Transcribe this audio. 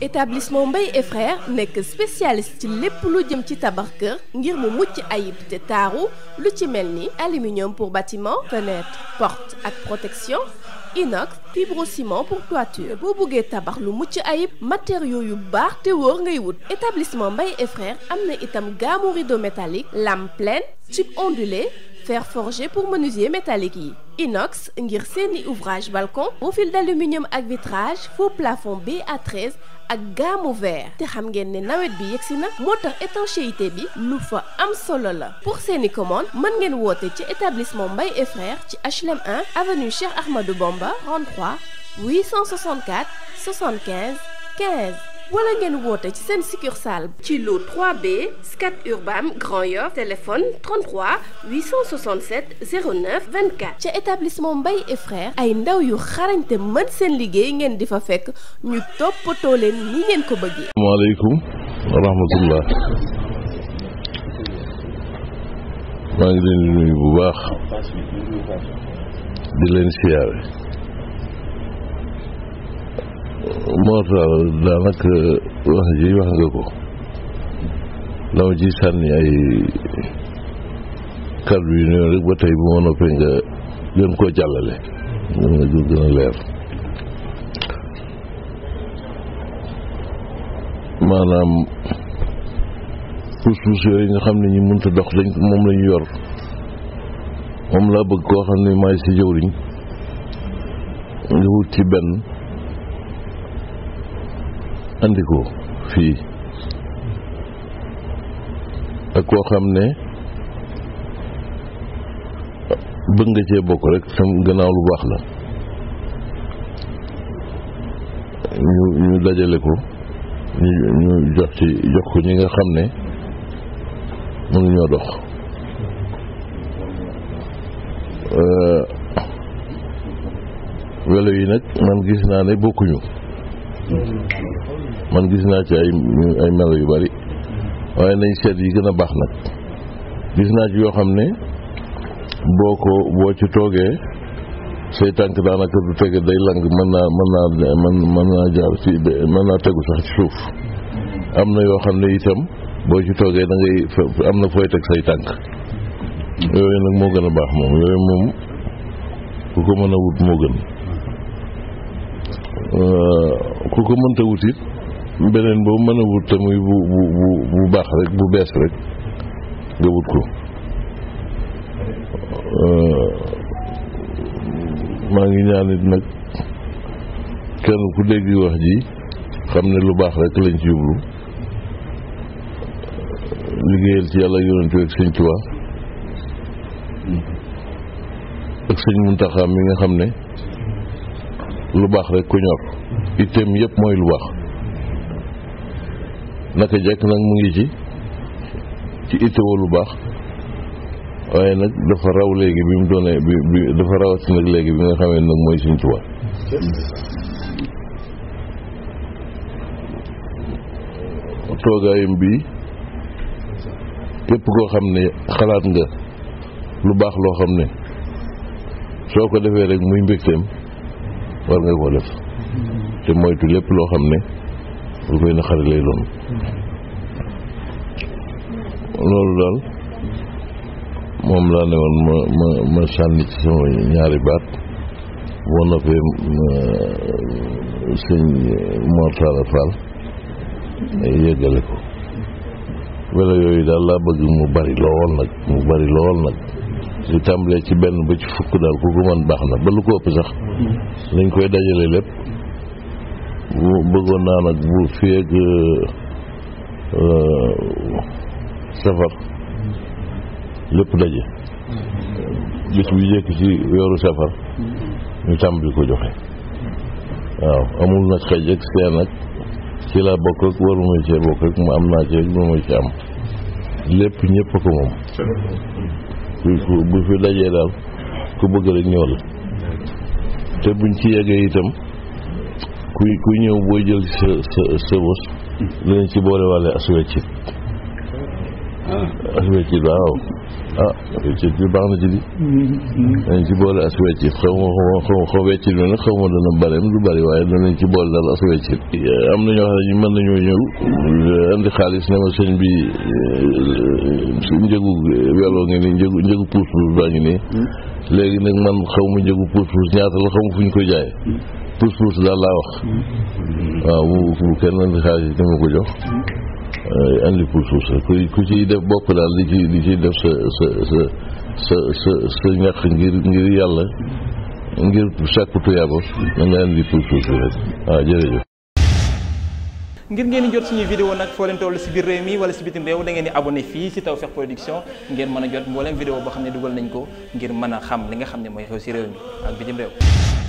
établissement Mbaye et frères que spécialiste ci lépp lu jëm ci tabax keur ngir mu mucc ayib te taru lu ci melni aluminium pour bâtiment fenêtre porte ak protection inox ciment pour toiture bo bëggee tabax lu mucc ayib matériaux yu bax te wóor ngay wut établissement Mbaye et frères amna et itam gaamu rideau métallique lame pleine tube ondulé fer forgé pour menuisier métallique inox ngir seni ouvrage balcon profil d'aluminium avec vitrage faux plafond BA13 ak gamme vert te xam ngeen ne nawet bi na étanchéité bi fa am solo la pour seni commande man ngeen woote ci établissement Mbaye et frères ci HLM 1 avenue Cheikh Ahmadou Bamba 33 864 75 15 wala ngeen woote ci seen succursale ci lu 3B Scat Urbam Grand Yoff téléphone 33 867 09 24 ca établissement mbay et frères ay ndaw yu xarañte mën seen liggéey ngeen di fa fekk ñu toppatoo leen ni ngeen ko bëggee asalaamaaleykum wa rahmatullah maa ngi leen di nuyu bu baax di leen siyaare moo tax daanaka wax ji wax nga ko ndaw ji sànni ay kàddu yu néew rek ba tey bu ma noppee nga gën koo jàllale leer maanaam puus-puus yooyu nga xam ne ñi mënta dox dañ moom lañu yor moom laa bëgg koo xam ne maay si jëwriñ nga wut ci benn andi ko fii ak koo xam ne bëgg nga cee bokk rek sam gannaaw lu baax la ñu ñu dajale ko ñu ñu jox ci jox ko ñi nga xam ne mënu ñoo dox welo yi nag man gis naa ne bokkuñu man gis naa ci ay ay melo yu bari waaye nañ seet yi gën a baax nag gis naa ci yoo xam ne boo ko boo ci toogee say tànk daanaka du tege day lang mën naa mën naa mën naa jaar ci mën naa tegu sax ci suuf am na yoo xam ne itam boo ci toogee da am na fooy teg say tànk yooyu nag moo gën a baax moom yooyu moom ku ko mën a wut moo gën ku ko mënta wut beneen boobu mën a wut te bu bu bu baax rek bu bees rek nga wut ko euh, maa ngi ñaanit nag kenn ku dégg wax ji xam ne lu baax rek lañ ci yublu liggéeyal ci yàlla yonent ak sëñ Tuubaa ak sëñ Muntaxa mi nga xam ne lu baax rek ku ñor itteem yëpp mooy lu baax naka jekk nag mu ngi ci ci ittewoo lu baax waaye nag dafa raw léegi bi mu doonee bi bi dafa rawati nag léegi bi nga xamee nag mooy Sëñ Tuubaa toogaayam bii képp koo xam ne xalaat nga lu baax loo xam ne soo ko defee rek muy mbégteem war nga ko def te moytu lépp loo xam ne lu koy naqari lay doon loolu daal moom laa ne woon ma ma sànni ci sama ñaari baat boo noppee euh, sëñ Mortala Fall yëggale ko wala yooyu daal laa bëgg mu bari lool nag mu bari lool nag li tàmbalee ci benn ba ci fukk daal ku ko mën baax na ba lu ko ëpp sax dañ mm-hmm. koy dajale lépp bu bëggoon naa nag bu fii ak euh, safar lépp daje bis bu jëkk ci weeru safar ñu tàmbali ko joxe waaw amul nag xëj ak seen ak ci laa bokk ak waruma cee bokk ak mu am naa cee lu ma ci am lépp ñëpp ko moom bu fi dajee daal ku bëgg rek ñëw la te buñ ci yeggee itam kuy kuy ñëw booy jël sa sa sa bos danañ ci boole wàlle asweccit asweccit ah. waaw ah weccit bi baax na ci di danañ ci boole asweccit xaw ma xaw ma xaw weccit xaw ma dana bareem du bari waaye danañ ci boole daal asweccit eh, am na ñoo xam ne ñu mën nañoo ñëw eh, andi xaalis ne ma bi eh, njëgu weloo ngi nii njëgu njëgu puus puus baa ngi nii hmm. léegi nag man xaw ma njëgu puus puus ñaata la xaw ma fu ñu koy jaay hmm. puus-puus daal laa wax waaw bu bu kenn xaalis dama ko jox eh, andi puus-puus rek ku ciy def bopp daal li ciy li ciy def sa sa sa sa sa sa ñax ngir ngir yàlla ngir sàkku tuyaaba da nga andi puus-puus rek waaw jërëjëf. ngir ngeen jot suñu vidéo nag foo leen toll si biir réew mi wala si bitim réew da ngeen di abonné fii si Tawfekh Production ngeen mën a jot mbooleem vidéo boo xam ne dugal nañ ko ngir mën a xam li nga xam ne mooy xew si réew